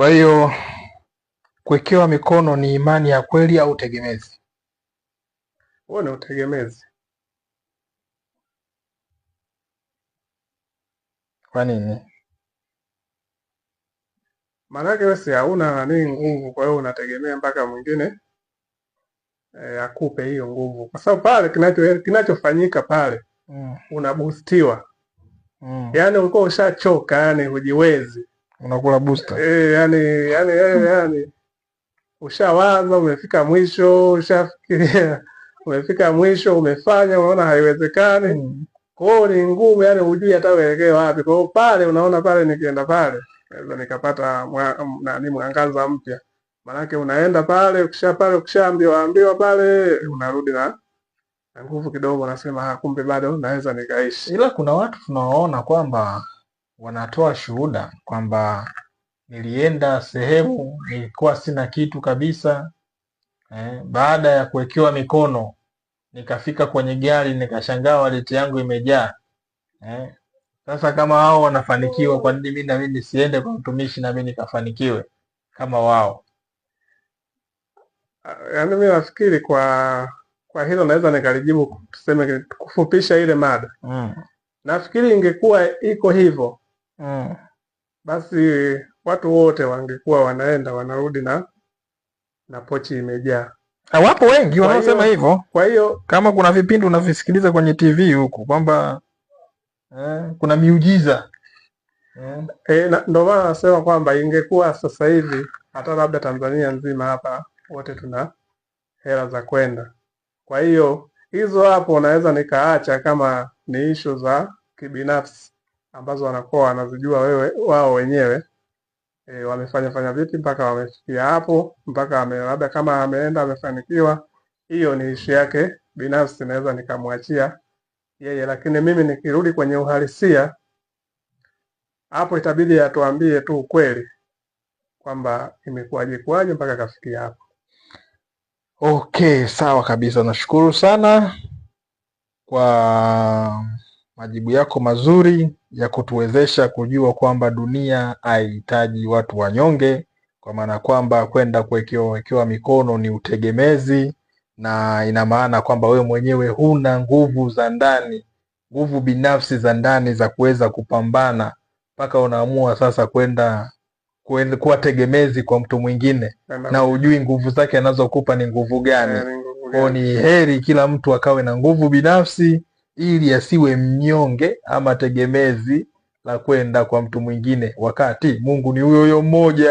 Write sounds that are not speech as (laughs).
Kwa hiyo kuwekewa mikono ni imani ya kweli au utegemezi? Huo ni utegemezi. Kwa nini? Maanake wewe si hauna nini nguvu, kwa hiyo unategemea mpaka mwingine e, akupe hiyo nguvu, kwa sababu pale kinacho kinachofanyika pale mm. unabustiwa mm. Yaani ulikuwa ushachoka, yani hujiwezi unakula booster eh, yani yani yani, yani. Ushawaza umefika mwisho, ushafikiria (laughs) umefika mwisho, umefanya unaona haiwezekani mm. Kwao ni ngumu, yani hujui hata uelekee wapi. Kwao pale unaona pale, nikienda pale naweza nikapata nani mwangaza mpya, maanake unaenda pale, ukisha pale ukishaambiwa ambiwa pale, unarudi na nguvu kidogo, nasema ah, kumbe bado naweza nikaishi. Ila kuna watu tunawaona kwamba wanatoa shuhuda kwamba nilienda sehemu nilikuwa sina kitu kabisa eh, baada ya kuwekewa mikono nikafika kwenye gari nikashangaa waleti yangu imejaa eh. Sasa kama wao wanafanikiwa, kwa nini mimi na mimi nisiende kwa mtumishi na mimi nikafanikiwe kama wao? Ah, yaani mimi nafikiri kwa kwa hilo naweza nikalijibu tuseme, kufupisha ile mada mm. Nafikiri ingekuwa iko hivyo mm, basi watu wote wangekuwa wanaenda wanarudi na na pochi imejaa. Hawapo wengi wanaosema hivyo. Kwa hiyo kama kuna vipindi unavisikiliza kwenye TV huku kwamba eh, kuna miujiza eh. Eh, ndo maana nasema kwamba ingekuwa sasa hivi hata labda Tanzania nzima hapa wote tuna hela za kwenda. Kwa hiyo hizo hapo naweza nikaacha kama ni ishu za kibinafsi, ambazo wanakuwa wanazijua wewe wao wenyewe e, wamefanya fanya vipi mpaka wamefikia hapo, mpaka labda kama ameenda amefanikiwa. Hiyo ni ishi yake binafsi, naweza nikamwachia yeye, lakini mimi nikirudi kwenye uhalisia hapo itabidi atuambie tu ukweli kwamba imekuwaje kwaje mpaka kafikia hapo. Okay, sawa kabisa. Nashukuru sana kwa majibu yako mazuri ya kutuwezesha kujua kwamba dunia haihitaji watu wanyonge, kwa maana kwamba kwenda wekewa mikono ni utegemezi, na ina maana kwamba wewe mwenyewe huna nguvu za ndani, nguvu binafsi za ndani za kuweza kupambana mpaka unaamua sasa kwenda kuwa tegemezi kwa mtu mwingine na ujui nguvu zake anazokupa ni nguvu gani eh, kwao. Ni heri kila mtu akawe na nguvu binafsi ili asiwe mnyonge ama tegemezi la kwenda kwa mtu mwingine, wakati Mungu ni huyo huyo mmoja.